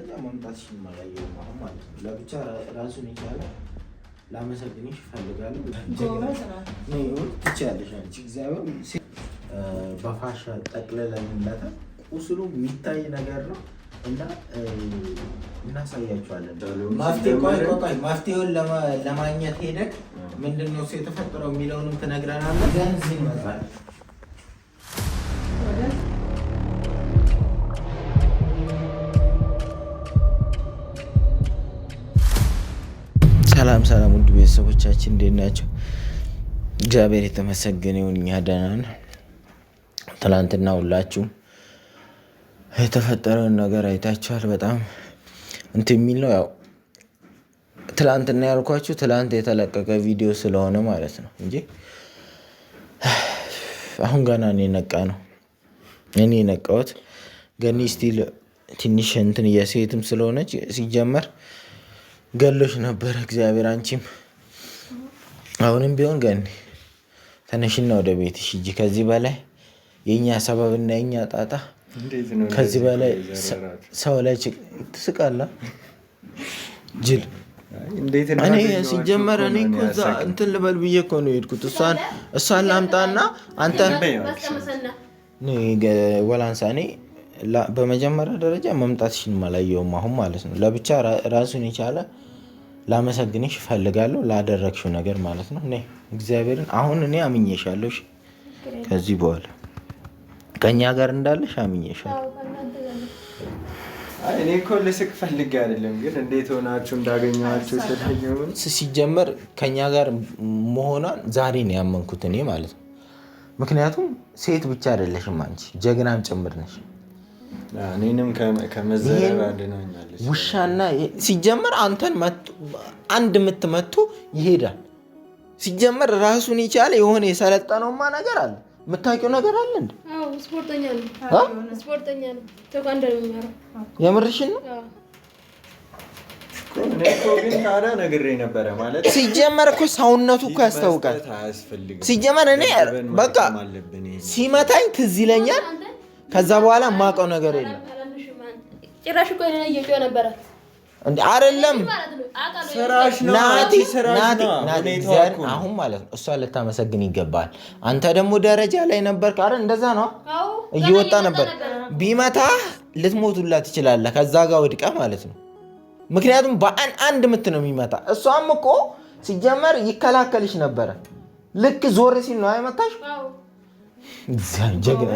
ደረጃ መምጣት የማላየው ማለት ነው። ለብቻ ራሱን የቻለ ላመሰግንሽ እፈልጋለሁ። ትችያለሽ አንቺ እግዚአብሔር በፋሻ ጠቅልለን እንለታል። ቁስሉ የሚታይ ነገር ነው እና እናሳያቸዋለን። ማፍትሄውን ለማግኘት ሄደህ ምንድን ነው የተፈጠረው የሚለውንም ትነግረናለህ። እዚህ ይመጣል ሰላም ሰላም፣ ውድ ቤተሰቦቻችን እንዴት ናቸው? እግዚአብሔር የተመሰገነ ይሁን፣ እኛ ደህና ነን። ትናንትና ሁላችሁም የተፈጠረውን ነገር አይታችኋል። በጣም እንትን የሚል ነው። ያው ትናንትና ያልኳችሁ ትናንት የተለቀቀ ቪዲዮ ስለሆነ ማለት ነው እንጂ አሁን ገና እኔ ነቃ ነው እኔ ነቃሁት። ገኒ ስቲል ትንሽ እንትን የሴትም ስለሆነች ሲጀመር ገሎች ነበረ እግዚአብሔር። አንቺም አሁንም ቢሆን ገኒ ተነሽና ወደ ቤትሽ ሂጂ። ከዚህ በላይ የእኛ ሰበብ እና የእኛ ጣጣ ከዚህ በላይ ሰው ላይ ትስቃላ ጅል። እኔ ሲጀመር እኔ እኮ እዛ እንትን ልበል ብዬ እኮ ነው የሄድኩት። እሷን ላምጣና አንተ ወላንሳ እኔ በመጀመሪያ ደረጃ መምጣትሽን አላየሁም አሁን ማለት ነው። ለብቻ ራሱን የቻለ ላመሰግንሽ እፈልጋለሁ ላደረግሽው ነገር ማለት ነው። እኔ እግዚአብሔርን አሁን እኔ አምኜሻለሁ። ከዚህ በኋላ ከእኛ ጋር እንዳለሽ አምኜሻለሁ። እኔ እኮ ልስቅ ፈልጌ አይደለም፣ ግን እንዴት ሆናችሁ እንዳገኘኋችሁ ስለሆነ ሲጀመር ከእኛ ጋር መሆኗን ዛሬ ነው ያመንኩት እኔ ማለት ነው። ምክንያቱም ሴት ብቻ አይደለሽም አንቺ ጀግናም ጭምር ነሽ። እኔንም ከመዘረር አድናኛለች። ውሻና ሲጀመር አንተን አንድ የምትመቱ ይሄዳል። ሲጀመር ራሱን የቻለ የሆነ የሰለጠነውማ ነገር አለ። የምታውቂው ነገር አለ እንደ የምርሽን ነው። ሲጀመር እኮ ሰውነቱ እኮ ያስታውቃል። ሲጀመር እኔ በቃ ሲመታኝ ትዝ ይለኛል። ከዛ በኋላ የማውቀው ነገር የለም። ጭራሽ እኮ የሆነ ነበረ እንዴ? አይደለም ስራሽ ነው አሁን ማለት ነው። እሷ ልታመሰግን ይገባል። አንተ ደግሞ ደረጃ ላይ ነበር። ካረ እንደዛ ነው፣ እየወጣ ነበር። ቢመታ ልትሞቱላ ትችላለህ። ከዛ ጋር ወድቀ ማለት ነው። ምክንያቱም በአን አንድ ምት ነው የሚመታ። እሷም እኮ ሲጀመር ይከላከልሽ ነበረ። ልክ ዞር ሲል ነው አይመታሽ ጀግና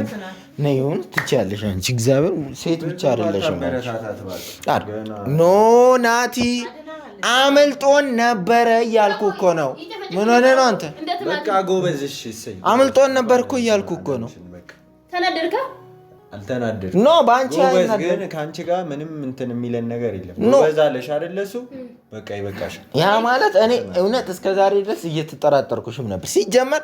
ትችያለሽ። አንቺ እግዚአብሔር ሴት ብቻ አይደለሽም። ኖ ናቲ አምልጦን ነበረ እያልኩ እኮ ነው። ምን ሆነ ነው አንተ? አምልጦን ነበር እኮ እያልኩ እኮ ነው። ኖ በአንቺ ግን ከአንቺ ጋር ምንም እንትን የሚለን ነገር የለም። በዛለሽ አይደለ? በቃ ይበቃሽ። ያ ማለት እኔ እውነት እስከዛሬ ድረስ እየተጠራጠርኩሽም ነበር ሲጀመር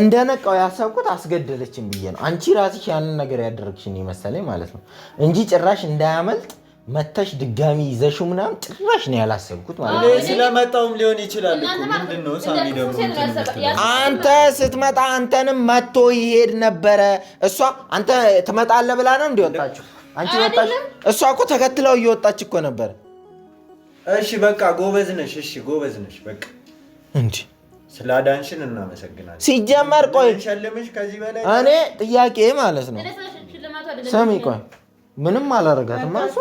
እንደነቃው ያሰብኩት አስገደለችን ብዬ ነው። አንቺ ራስሽ ያንን ነገር ያደረግሽን መሰለኝ ማለት ነው እንጂ ጭራሽ እንዳያመልጥ መተሽ ድጋሚ ይዘሹ ምናምን ጭራሽ ነው ያላሰብኩት ማለት ነው። ስለመጣውም ሊሆን ይችላል። አንተ ስትመጣ አንተንም መቶ ይሄድ ነበረ። እሷ አንተ ትመጣለህ ብላ ነው እንዲወጣችሁ አንቺ ወጣች። እሷ እኮ ተከትለው እየወጣች እኮ ነበረ። እሺ በቃ ጎበዝ ነሽ። እሺ ጎበዝ ነሽ በቃ እንዲህ ስለ አዳንሽን እናመሰግናለን። ሲጀመር ቆይ እኔ ጥያቄ ማለት ነው ስሚ፣ ቆይ ምንም አላረጋትም። እሱ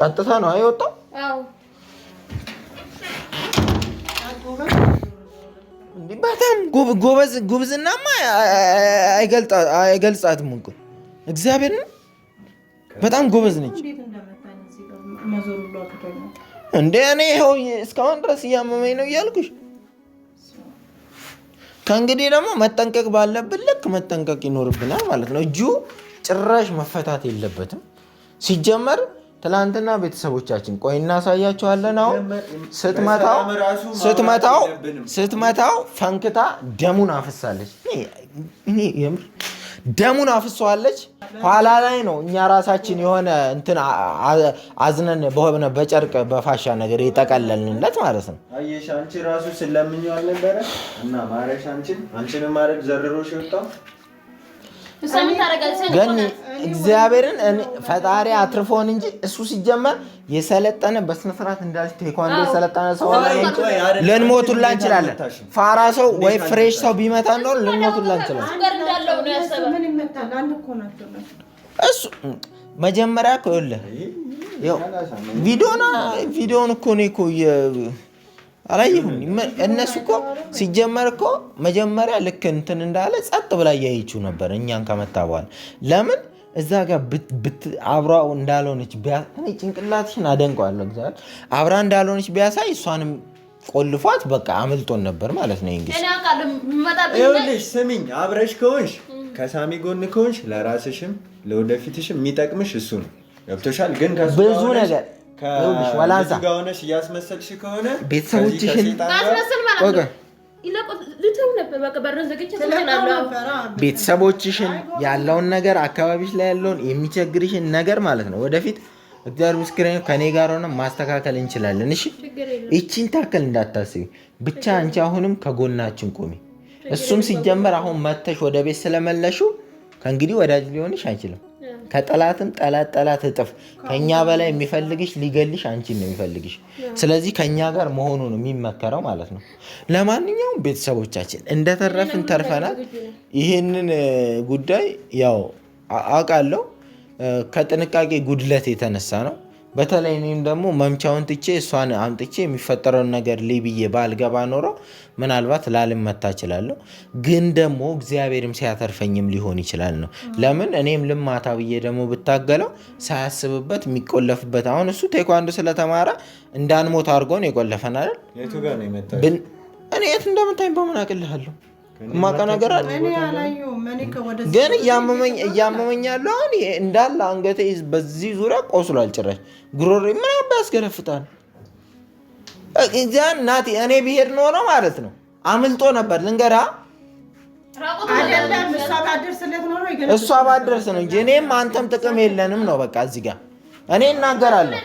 ቀጥታ ነው አይወጣም። በጣም ጉብዝናማ አይገልጻትም እኮ እግዚአብሔር ነው። በጣም ጎበዝ ነች እንደ እኔ ይኸው እስካሁን ድረስ እያመመኝ ነው እያልኩሽ ከእንግዲህ ደግሞ መጠንቀቅ ባለብን ልክ መጠንቀቅ ይኖርብናል ማለት ነው። እጁ ጭራሽ መፈታት የለበትም ሲጀመር ትላንትና ቤተሰቦቻችን ቆይ እናሳያቸዋለን። አሁን ስትመታው ስትመታው ፈንክታ ደሙን አፈሳለች። ደሙን አፍሷለች። ኋላ ላይ ነው እኛ ራሳችን የሆነ እንትን አዝነን በሆነ በጨርቅ በፋሻ ነገር የጠቀለልንለት ማለት ነው። አየሽ አንቺ ራሱ ስለምኘዋል ነበረ እና ማረሽ አንቺን አንቺንም ማረግ ዘርሮሽ ወጣው ግን እግዚአብሔርን ፈጣሪ አትርፎን እንጂ እሱ ሲጀመር የሰለጠነ በስነስርዓት ስርዓት እንዳለች ቴኳንዶ የሰለጠነ ሰው ልንሞቱላ እንችላለን። ፋራ ሰው ወይ ፍሬሽ ሰው ቢመታ ነው ልንሞቱላ እንችላለን። እሱ መጀመሪያ እኮ ይኸውልህ ቪዲዮን እኮ እኔ እኮ አላየሁም። እነሱ እኮ ሲጀመር እኮ መጀመሪያ ልክ እንትን እንዳለ ጸጥ ብላ እያየችው ነበር እኛን ከመታ በኋላ ለምን እዛ ጋር አብሯ እንዳልሆነች እኔ ጭንቅላትሽን አደንቀዋለሁ። ግዛል አብራ እንዳልሆነች ቢያሳይ እሷንም ቆልፏት በቃ አምልጦን ነበር ማለት ነው። እንግዲህ ስሚኝ፣ አብረሽ ከሆንሽ ከሳሚ ጎን ከሆንሽ ለራስሽም ለወደፊትሽም የሚጠቅምሽ እሱ ነው። ገብቶሻል? ግን ብዙ ነገር ከልጁ ጋር ሆነሽ እያስመሰልሽ ከሆነ ቤተሰቦችሽን ቤተሰቦችሽን ያለውን ነገር አካባቢሽ ላይ ያለውን የሚቸግርሽን ነገር ማለት ነው። ወደፊት እግዚአብሔር ምስክሬ ከኔ ጋር ሆነ ማስተካከል እንችላለን። እሺ ይቺን ታክል እንዳታስቢ ብቻ። አንቺ አሁንም ከጎናችን ቆሚ። እሱም ሲጀመር አሁን መተሽ ወደ ቤት ስለመለሹ ከእንግዲህ ወዳጅ ሊሆንሽ አይችልም። ከጠላትም ጠላት ጠላት እጥፍ ከኛ በላይ የሚፈልግሽ ሊገልሽ አንቺን ነው የሚፈልግሽ። ስለዚህ ከኛ ጋር መሆኑ ነው የሚመከረው ማለት ነው። ለማንኛውም ቤተሰቦቻችን እንደተረፍን ተርፈናል። ይህንን ጉዳይ ያው አውቃለሁ ከጥንቃቄ ጉድለት የተነሳ ነው። በተለይ እኔም ደግሞ መምቻውን ትቼ እሷን አምጥቼ የሚፈጠረውን ነገር ልይ ብዬ ባልገባ ኖሮ ምናልባት ላልመታ እችላለሁ። ግን ደግሞ እግዚአብሔርም ሲያተርፈኝም ሊሆን ይችላል ነው። ለምን እኔም ልማታ ብዬ ደግሞ ብታገለው ሳያስብበት የሚቆለፍበት አሁን እሱ ቴኳንዶ ስለተማረ እንዳንሞት አድርጎ ነው የቆለፈን አይደል? እኔ የት እንደምታኝ በምን አቅልሃለሁ ማቃ ነገር አለ ግን እያመመኝ እያመመኝ ያለው አሁን እንዳለ አንገቴ በዚህ ዙሪያ ቆስሏል። ጭራሽ ጉሮሬ ምን አባ ያስገለፍጣል። እዚያን ናቲ እኔ ብሄድ ኖሮ ማለት ነው አምልጦ ነበር። ልንገራ እሷ ባደርስ ነው እንጂ እኔም አንተም ጥቅም የለንም ነው በቃ እዚህ ጋር እኔ እናገራለሁ።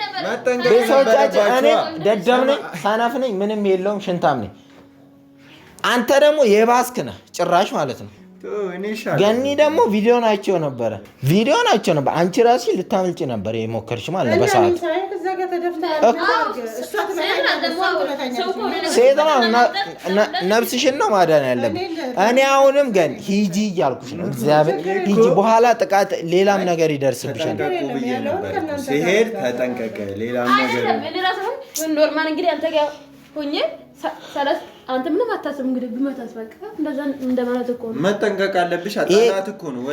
ቤተሰቦቻችን እኔ ደደብ ነኝ፣ ሰነፍ ነኝ፣ ምንም የለውም፣ ሽንታም ነኝ አንተ ደግሞ የባስክ ነህ ጭራሽ ማለት ነው። ገኒ ደግሞ ቪዲዮ ናቸው ነበረ ቪዲዮ ናቸው ነበር። አንቺ ራሲ ልታመልጭ ነበር የሞከርሽ ማለት ነው። በሰዓት ሴት ነው ነፍስሽን ነው ማዳን ያለብን። እኔ አሁንም ገን ሂጂ እያልኩሽ ነው። እግዚአብሔር ሂጂ፣ በኋላ ጥቃት ሌላም ነገር ይደርስብሻል። ሲሄድ ተጠንቀቀ ሌላም ነገር አንተ ምንም አታስብ። እንግዲህ ብመታስ በቃ እንደዛ እንደማለት እኮ ነው። መጠንቀቅ አለብሽ። አጣናት እኮ ነው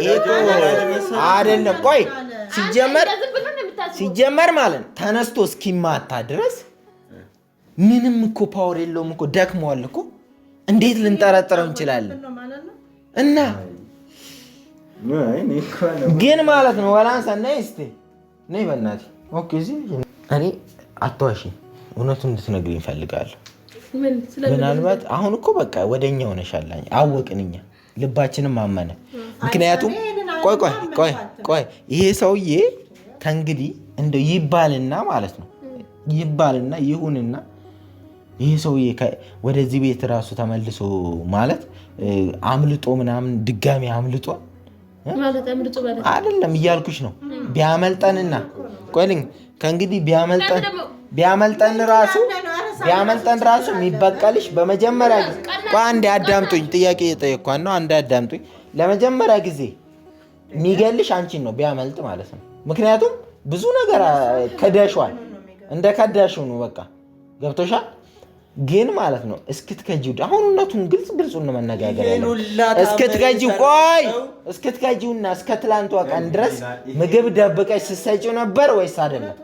አይደለም። ቆይ ሲጀመር ሲጀመር ማለት ነው ተነስቶ እስኪማታ ድረስ ምንም እኮ ፓወር የለውም እኮ ደክሟል እኮ። እንዴት ልንጠረጥረው እንችላለን? እና ግን ማለት ነው ወላንሳ እና ስቴ ነይ በእናትህ ኦኬ። እዚህ እኔ አትዋሺ፣ እውነቱን እንድትነግሪኝ እፈልጋለሁ ምናልባት አሁን እኮ በቃ ወደኛ ሆነሻላኝ አወቅንኛ እኛ ልባችንም አመነ። ምክንያቱም ቆይ ቆይ ቆይ ቆይ ይሄ ሰውዬ ከእንግዲህ እንደው ይባልና ማለት ነው ይባልና ይሁንና ይሄ ሰውዬ ወደዚህ ቤት ራሱ ተመልሶ ማለት አምልጦ ምናምን ድጋሚ አምልጦ አይደለም እያልኩሽ ነው። ቢያመልጠንና ቆይልኝ ከእንግዲህ ቢያመልጠን ቢያመልጠን ራሱ ቢያመልጠን ራሱ የሚበቀልሽ በመጀመሪያ ጊዜ ቋ አንድ አዳምጡኝ፣ ጥያቄ የጠየኳን ነው። አንድ አዳምጡኝ። ለመጀመሪያ ጊዜ የሚገልሽ አንቺን ነው ቢያመልጥ ማለት ነው። ምክንያቱም ብዙ ነገር ከዳሽዋል፣ እንደ ከዳሽው ነው በቃ ገብቶሻል። ግን ማለት ነው እስክትከጂው፣ አሁን ግልጽ ግልጹን መነጋገር እስክትከጂው፣ ቆይ እስክትከጂውና እስከ ትላንቷ ቀን ድረስ ምግብ ደብቀሽ ስትሰጪው ነበር ወይስ አይደለም?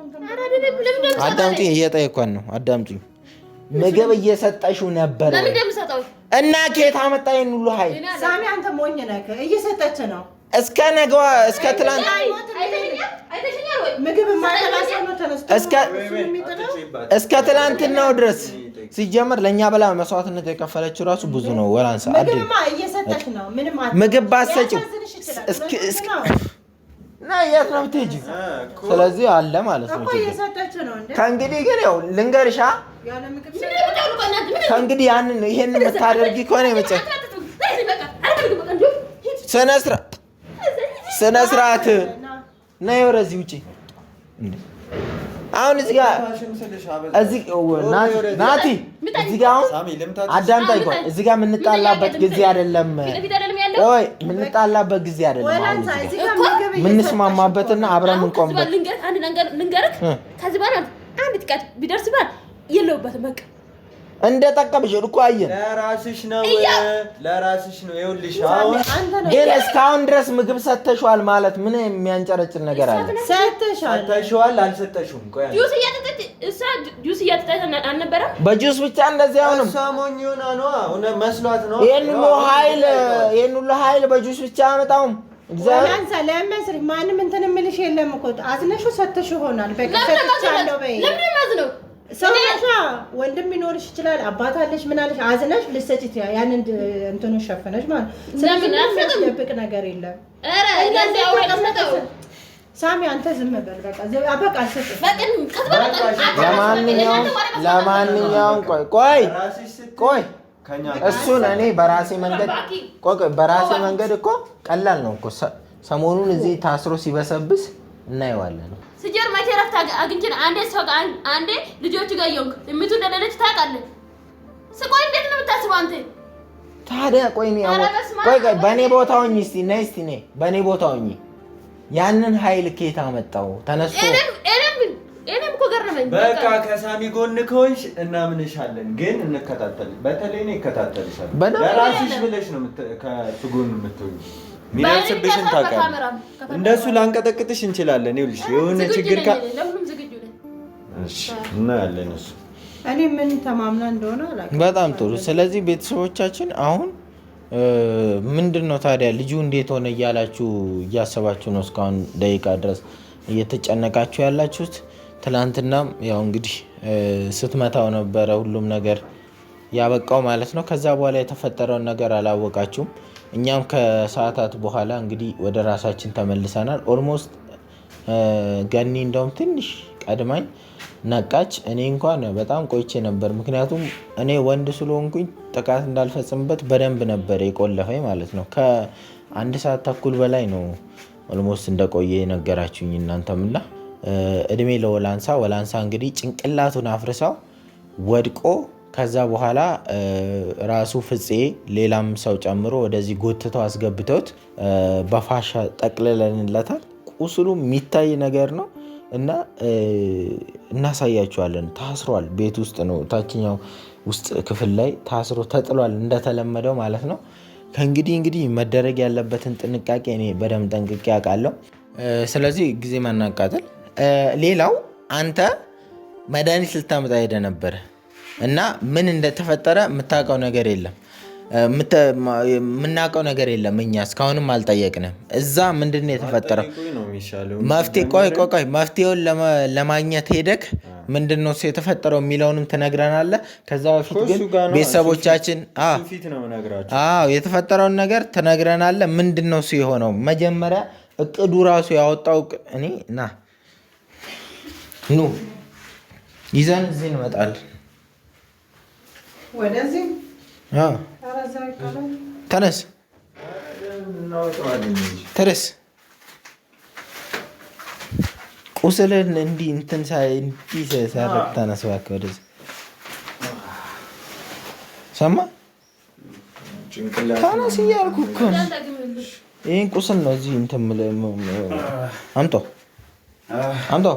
አዳምጡኝ፣ እየጠየኳን ነው። አዳምጡኝ ምግብ እየሰጠሽው ነበረ እና ኬት አመጣ ይሄን ሁሉ ኃይል? ሳሚ አንተ ሞኝ ነህ። እየሰጠች ነው እስከ ነገዋ እስከ ትላንት እስከ ትላንትናው ድረስ ሲጀመር ለእኛ በላ መስዋዕትነት የከፈለችው ራሱ ብዙ ነው። ወላንሳ ምግብ ባሰጭው እና የት ነው የምትሄጂው? ስለዚህ አለ ማለት ነው። ከእንግዲህ ግን ያው ልንገርሻ፣ ከእንግዲህ ያንን ይሄን የምታደርጊ ከሆነ የመጨ ስነ ስርዓት እና የወረ እዚህ ውጪ አሁን እዚህ ጋር እዚህ ናቲ እዚህ ጋር አሁን አዳምጣ ይቆይ። እዚህ ጋር የምንጣላበት ጊዜ አይደለም ወይ የምንጣላበት ጊዜ አይደለም። የምንስማማበትና አብረን የምንቆምበት ልንገርህ። ከዚህ በኋላ አንድ ጥቃት ቢደርስ ባል የለውበት በቃ እንደ ጠቀምሽ እኮ አየን። ለራስሽ ነው ለራስሽ ነው። ይኸውልሽ አሁን ግን እስካሁን ድረስ ምግብ ሰተሽዋል ማለት ምን የሚያንጨረጭን ነገር አለ? ሰተሽዋል ሰተሽዋል አልሰጠሽውም። ቆይ ጁስ እያጠጣች እሷ ጁስ እያጠጣች አልነበረም? በጁስ ብቻ እንደዚህ አሁንም እሷ ሞኝ ሆና ነው መስሏት ነው። ይሄን ሁሉ ኃይል ይሄን ሁሉ ኃይል በጁስ ብቻ አመጣውም ለመስሪ ማንም እንትን የምልሽ የለም እኮ አዝነሹ ሰተሽ ይሆናል። በሰጥቻለሁ በይ ሰውነሻ ወንድም ሊኖርሽ ይችላል። አባት አለሽ ምን አዝነሽ ልሰጭ ያንን እንትኑ ሸፈነሽ ማለት ስለምን ነገር የለም። ሳሚ አንተ ዝም በል በቃ ለማንኛውም ለማንኛውም ቆይ ቆይ ቆይ እሱን እኔ በራሴ መንገድ በራሴ መንገድ እኮ ቀላል ነው እኮ ሰሞኑን እዚህ ታስሮ ሲበሰብስ እናየዋለን። ስጀር መቼ ረፍት አግኝቼ አንዴ ሰው አንዴ ልጆቹ ጋር እየሆንክ እሚቱ እንደሌለች ታውቃለህ። ስቆይ እንዴት ነው የምታስበው አንተ? ታዲያ ቆይ ቆይ ቆይ በእኔ ቦታ ሆኚ እስኪ ነይ እስኪ ነይ በእኔ ቦታ ሆኚ ያንን ሀይል ኬት አመጣው ተነስቶ በቃ ከሳሚ ጎን ከሆንሽ እናምንሻለን፣ ግን እንከታተል። በተለይ ነው ይከታተልሻል። ለራስሽ ብለሽ ነው ከጎን የምትሆኝ። የሚደርስብሽን ታውቃለሽ። እንደሱ ላንቀጠቅጥሽ እንችላለን። ይኸውልሽ የሆነ ችግር እናያለን። እሱ እኔ ምን ተማምና እንደሆነ በጣም ጥሩ። ስለዚህ ቤተሰቦቻችን አሁን ምንድን ነው ታዲያ ልጁ እንዴት ሆነ እያላችሁ እያሰባችሁ ነው እስካሁን ደቂቃ ድረስ እየተጨነቃችሁ ያላችሁት? ትላንትናም ያው እንግዲህ ስትመታው ነበረ ሁሉም ነገር ያበቃው ማለት ነው። ከዛ በኋላ የተፈጠረውን ነገር አላወቃችሁም። እኛም ከሰዓታት በኋላ እንግዲህ ወደ ራሳችን ተመልሰናል። ኦልሞስት ገኒ እንደውም ትንሽ ቀድማኝ ነቃች። እኔ እንኳን በጣም ቆይቼ ነበር፣ ምክንያቱም እኔ ወንድ ስለሆንኩኝ ጥቃት እንዳልፈጽምበት በደንብ ነበር የቆለፈኝ ማለት ነው። ከአንድ ሰዓት ተኩል በላይ ነው ኦልሞስት እንደቆየ የነገራችሁኝ እናንተምላ እድሜ ለወላንሳ ወላንሳ እንግዲህ ጭንቅላቱን አፍርሰው ወድቆ ከዛ በኋላ ራሱ ፍፄ ሌላም ሰው ጨምሮ ወደዚህ ጎትተው አስገብተውት በፋሻ ጠቅልለንለታል። ቁስሉ የሚታይ ነገር ነው እና እናሳያቸዋለን። ታስሯል። ቤት ውስጥ ነው፣ ታችኛው ውስጥ ክፍል ላይ ታስሮ ተጥሏል፣ እንደተለመደው ማለት ነው። ከእንግዲህ እንግዲህ መደረግ ያለበትን ጥንቃቄ እኔ በደንብ ጠንቅቄ አውቃለሁ። ስለዚህ ጊዜ ማናቃጠል ሌላው አንተ መድኃኒት ልታመጣ ሄደ ነበረ እና ምን እንደተፈጠረ የምታውቀው ነገር የለም። የምናውቀው ነገር የለም። እኛ እስካሁንም አልጠየቅንም። እዛ ምንድን ነው የተፈጠረው? መፍትሄ ቆይ ቆይ ቆይ መፍትሄውን ለማግኘት ሄደክ ምንድን ነው የተፈጠረው የሚለውንም ትነግረናለህ። ከዛ በፊት ግን ቤተሰቦቻችን የተፈጠረውን ነገር ትነግረናለህ። ምንድን ነው የሆነው? መጀመሪያ እቅዱ ራሱ ያወጣው እኔ ና ኑ ይዘን እዚህ እንመጣለን። ወደዚህ ተነስ ተነስ። ቁስልን እንዲህ እንትን እንዲህ ሳረግ ተነስ እባክህ ወደዚህ። ሰማህ? ተነስ እያልኩህ እኮ ነው። ይህን ቁስል ነው እዚህ እንትን አምጣው አምጣው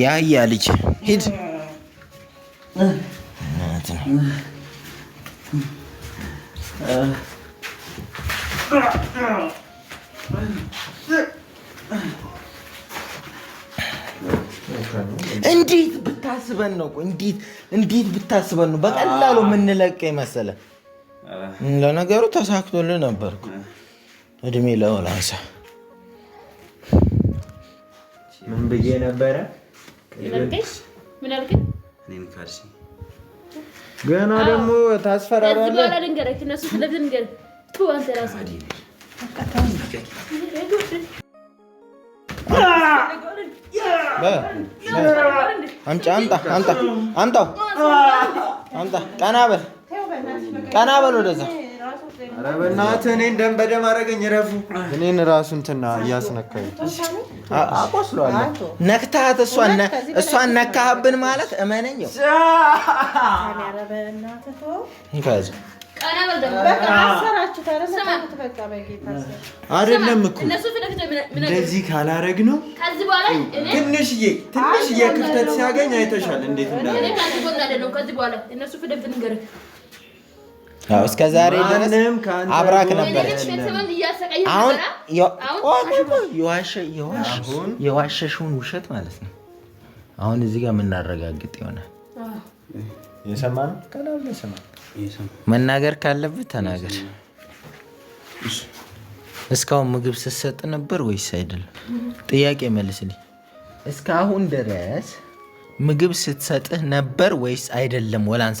ያህያ ልጅ ሂድ። እንዴት ብታስበን ነው? እንዴት ብታስበን ነው? በቀላሉ የምንለቀ ይመሰለ ለነገሩ ተሳክቶልህ ነበር። እድሜ ለወላንሳ ምን ብዬ ነበረ? ገና ደግሞ ታስፈራራለህ። አምጣ፣ አምጣ፣ አምጣ፣ አምጣ፣ ቀና በል ቀና በል ወደዛ። በእናትህ እኔን ደም በደም አደረገኝ። ረፉ እኔን ራሱ እንትና እያስነካኝ አቆስለዋለሁ። ነክታት እሷን ነካህብን ማለት እመነኝ። አይደለም እኮ እንደዚህ ካላረግ ነው። ትንሽዬ ትንሽዬ ክፍተት ሲያገኝ አይተሻል እንዴት እንዳለ እስከ ዛሬ ድረስ አብራክ ነበረች። አሁን የዋሸሽውን ውሸት ማለት ነው። አሁን እዚህ ጋር የምናረጋግጥ ይሆናል። መናገር ካለበት ተናገር። እስካሁን ምግብ ስትሰጥ ነበር ወይስ አይደለም? ጥያቄ መልስልኝ። እስካሁን ድረስ ምግብ ስትሰጥህ ነበር ወይስ አይደለም? ወላንሳ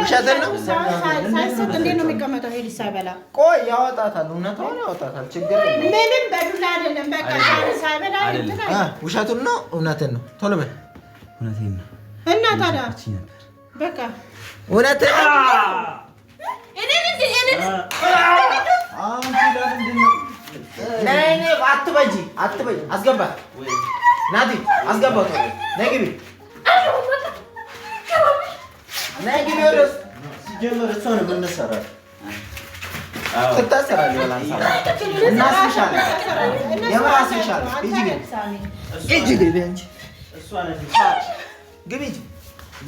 ውሸትን ነው ሳይሰጥ የሚቀመጠው? ሄድ ሳይበላ ቆይ ያወጣታል። እውነታውን ያወጣታል። ችግር ምንም በዱላ አይደለም። በቃ ውሸቱን ነው እውነትን ነው። ቶሎ በል እና ታዲያ በቃ እውነትን አትበጂ አትበጂ። አስገባት ናቲ አስገባት ነግቢ ሲጀመር እሷ ነው የምንሰራት።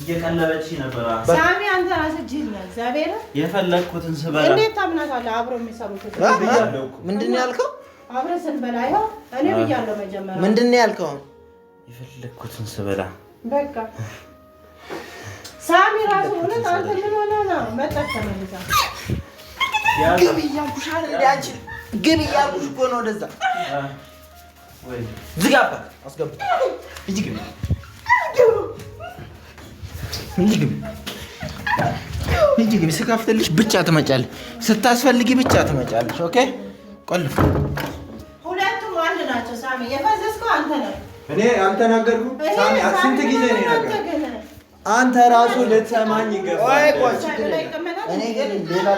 እየቀለበች የፈለግኩትን ስበላ እንዴት ታምናታለህ? አብሮ የሚሰሩት ምንድን ነው ያልከው? አብረን ስንበላ ይኸው እኔ ብያለሁ። መጀመሪያ ምንድን ነው ያልከው? የፈለግኩትን ስበላ በቃ ሳሚ ራሱ እውነት አንተ ምን ሆነህ ነው? መጣች ተመልሳ ግቢ እያልኩሽ አይደል? አንቺ ግቢ እያልኩሽ እኮ ነው። ወደዛ ዝጋባት፣ አስገብታ እንጂ ግቢ እንጂ ግቢ እንጂ ግቢ። ስከፍትልሽ ብቻ ትመጫለሽ፣ ስታስፈልጊ ብቻ ትመጫለሽ። ኦኬ ቆልፍ። ሁለቱም አንድ ናቸው። ሳሚ የፈዘዝከው አንተ ነህ። እኔ አልተናገርኩም። ሳሚ ስንት ጊዜ ነው አንተ ራሱ ልትሰማኝ ይገባል። እኔ ግን ሌላ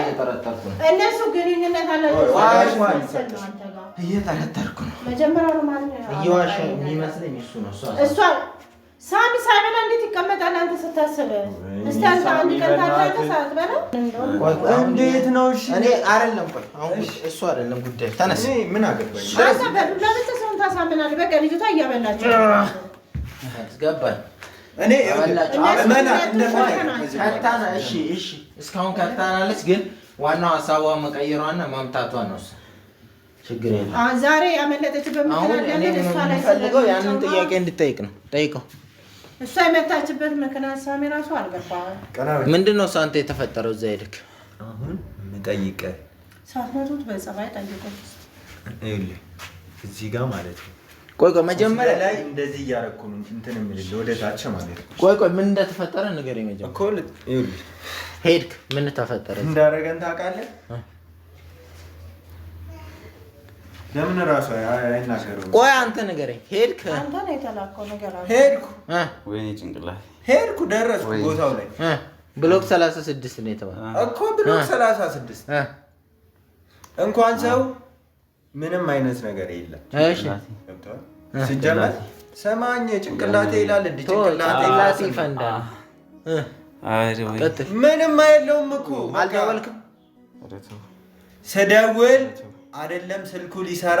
እየጠረጠርኩ ነው። እነሱ ግንኙነት እየጠረጠርኩ ነው። መጀመሪያ እየዋሸ የሚመስለኝ ሳሚ ሳይበላ እንዴት ይቀመጣል? አንተ ስታስብ እስቲ አንተ አንድ ሳትበላ እንዴት ነው? እሺ እኔ አይደለም ቆይ፣ አሁን እሱ አይደለም ጉዳይ። ተነስ። ምን አገባኝ? ታሳምናለህ። በቃ ልጅቷ እያበላችሁ ገባኝ እኔ እስካሁን ከታናለች፣ ግን ዋናው ሀሳቧ መቀየሯና መምታቷ ነው። ችግር የለም። ዛሬ ያመለጠች ያንን ጥያቄ እንድጠይቅ ነው። ጠይቀው። እሷ የመታችበት ምክንያት ሳሚ ራሱ ምንድን ነው የተፈጠረው? እዛ ሄድክ አሁን የምጠይቀህ በጸባይ እዚህ ጋር ማለት ነው ቆይ ቆይ መጀመሪያ ላይ እንደዚህ እያደረኩ ነው እንትን የሚልልህ ወደ ታች ማለት ቆይ ቆይ ምን እንደተፈጠረ ንገረኝ። መጀመሪያ እኮ ሄድክ፣ ምን ተፈጠረ? እንዳደረገን ታውቃለህ? ለምን እራሱ አይናገረውም? ቆይ አንተ ንገረኝ። ሄድክ፣ አንተ ነው የተላከው ነገር አለ። ሄድኩ፣ ወይኔ ጭንቅላት ሄድኩ፣ ደረስኩ ቦታው ላይ። ብሎክ 36 ነው የተባለ እኮ ብሎክ 36 እንኳን ሰው ምንም አይነት ነገር የለም። እሺ ሲጀመር ሰማኝ ጭንቅላቴ ይላል እንዲ ጭንቅላቴ ይፈንዳል። ምንም አይለውም እኮ አልተበልክም። ስደውል አይደለም ስልኩ ሊሰራ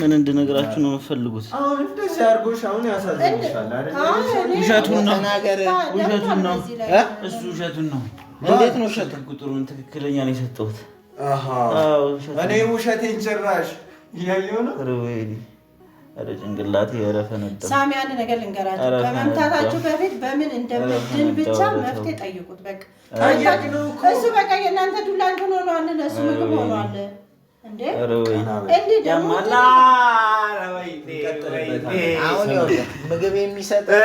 ምን እንድነግራችሁ ነው የምፈልጉት? ውሸቱን ነው ውሸቱን ነው እሱ ውሸቱን ነው። እንዴት ነው ውሸት? ቁጥሩን ትክክለኛ ነው የሰጠሁት። እኔ ውሸቴን ጭራሽ እያየሁ ነው። ኧረ ጭንቅላቴ የረፈነጠ ሳሚ፣ አንድ ነገር ልንገራችሁ። ከመምታታችሁ በፊት በምን እንደምድን ብቻ መፍትሄ ጠይቁት። በቃ እሱ በቃ የእናንተ ዱላ እንትን ሆኗል፣ እሱ ምግብ ሆኗል። አሁን ምግብ የሚሰጥህ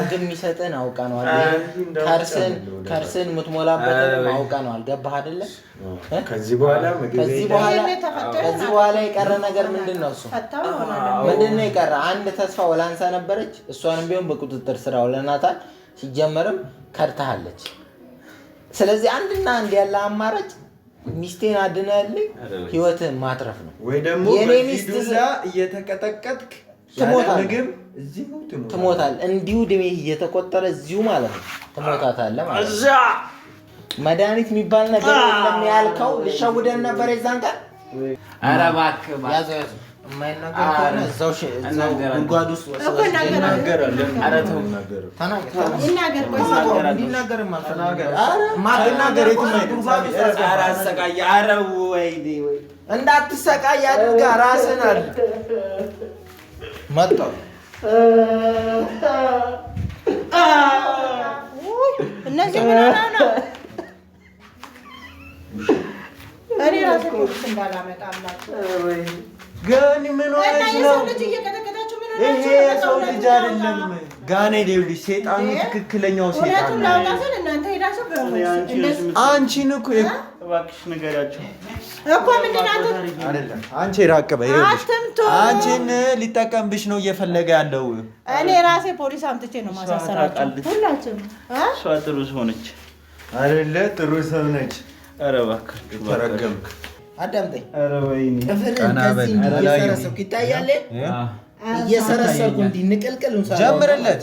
ምግብ የሚሰጥህን አውቃ ነው። ከርስን የምትሞላበትን አውቃ ነው። አልገባህ አይደለ? ከዚህ በኋላ የቀረ ነገር ምንድን ነው? እሱ ምንድን ነው የቀረ? አንድ ተስፋ ወላንሳ ነበረች። እሷንም ቢሆን በቁጥጥር ስራ አውለናታል። ሲጀመርም ከድታሃለች። ስለዚህ አንድና አንድ ያለ አማራጭ ሚስቴን አድናልኝ ህይወትህን ማትረፍ ነው ወይ ደግሞ በፊዱላ እየተቀጠቀጥክ ምግብ ትሞታል። እንዲሁ ድሜ እየተቆጠረ እዚሁ ማለት ነው ትሞታታለህ ማለት ነው። መድኃኒት የሚባል ነገር የለም ያልከው ልሸውደን ነበር የዛን ቀን ኧረ እባክህ እባክህ እንዳትሰቃይ አድርጋ ራስን አለ መጣሁ እነዚህ ምን ሆነው ነው? እኔ ራሴ ፖሊስ ግን ምን ሆነሽ ነው? ይሄ የሰው ልጅ አይደለም። ጋኔ ይኸውልሽ፣ ሴጣኑ ትክክለኛው ሴጣን ነው። አንቺን እኮ አንቺን ሊጠቀምብሽ ነው እየፈለገ ያለው። እኔ ራሴ ፖሊስ አምጥቼ ነው ማሳሰራቸው። ሁላችንም እሷ ጥሩ ሰው ነች አይደለ? ጥሩ ሰው ነች። ኧረ አዳምጠኝ። ጥፍርህን እንዲህ ንቅልቅል ጀምርለት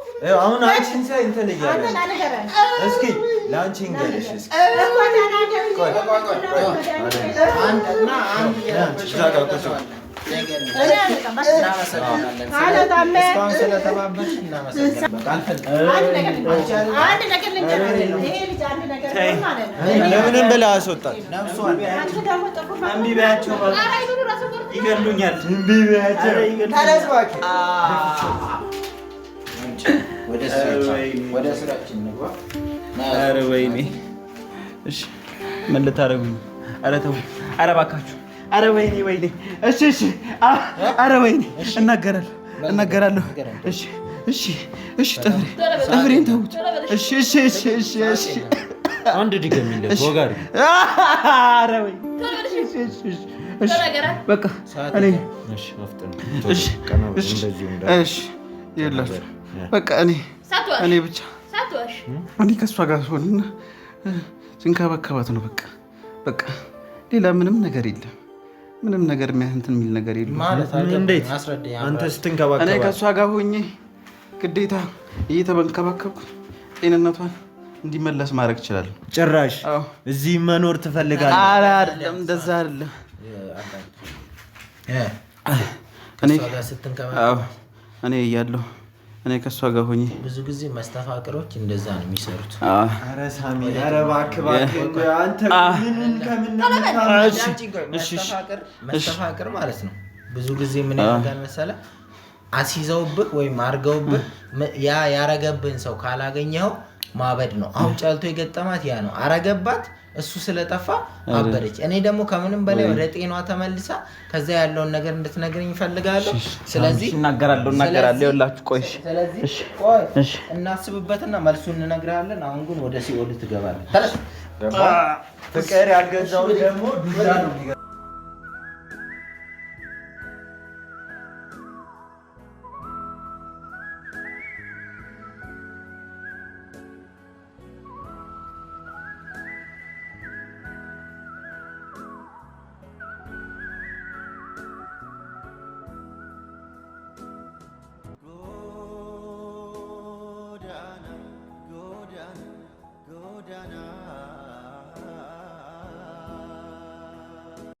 አሁን አንቺን ሳይ እንትን እያለ እስኪ ለአንቺ እንገለሽ እስኪ እስካሁን ለምንም ብላ አስወጣት። እምቢ በያቸው ይገሉኛል። እምቢ በያቸው ወደ ስራችን እንግባ። ኧረ ወይኔ! እሺ ምን ልታደርጉኝ? ኧረ ተው! ኧረ እባካችሁ! ኧረ ወይኔ! ወይኔ! እሺ፣ እሺ። ኧረ ወይኔ! እናገራለሁ፣ እናገራለሁ። እሺ፣ እሺ፣ እሺ። ተውት። እሺ፣ እሺ፣ እሺ፣ እሺ፣ እሺ። አንድ ድገም ኧረ ወይኔ! እሺ፣ እሺ፣ እሺ። በቃ እኔ እሺ፣ እሺ፣ እሺ። በቃ እኔ እኔ ብቻ እኔ ከእሷ ጋር ስሆንና ስንከባከባት ነው በቃ በቃ ሌላ ምንም ነገር የለም። ምንም ነገር እንትን የሚል ነገር የለም። እንዴት አንተ ስትንከባከባት እኔ ከእሷ ጋር ሆኜ ግዴታ እየተንከባከብኩ ጤንነቷን እንዲመለስ ማድረግ ይችላል። ጭራሽ እዚህ መኖር ትፈልጋለህ? ኧረ አይደለም፣ እንደዛ አይደለም። እኔ እያለሁ እኔ ከእሷ ጋር ሆኜ ብዙ ጊዜ መስተፋቅሮች እንደዛ ነው የሚሰሩት። ሳሚ፣ አንተ ከምን መስተፋቅር ማለት ነው ብዙ ጊዜ ምን ያደርጋል መሰለህ? አስይዘውብህ ወይም አድርገውብህ ያ ያረገብህን ሰው ካላገኘኸው ማበድ ነው። አሁን ጨልቶ የገጠማት ያ ነው። አረገባት እሱ ስለጠፋ አበደች። እኔ ደግሞ ከምንም በላይ ወደ ጤኗ ተመልሳ ከዛ ያለውን ነገር እንድትነግርኝ ይፈልጋለሁ። ስለዚህ እናገራለሁ እናገራለሁ። ይኸውላችሁ ቆይ እናስብበትና መልሱን እንነግርሃለን። አሁን ግን ወደ ሲኦል ትገባለህ። ፍቅር ያልገዛው ደግሞ ዱላ ነው።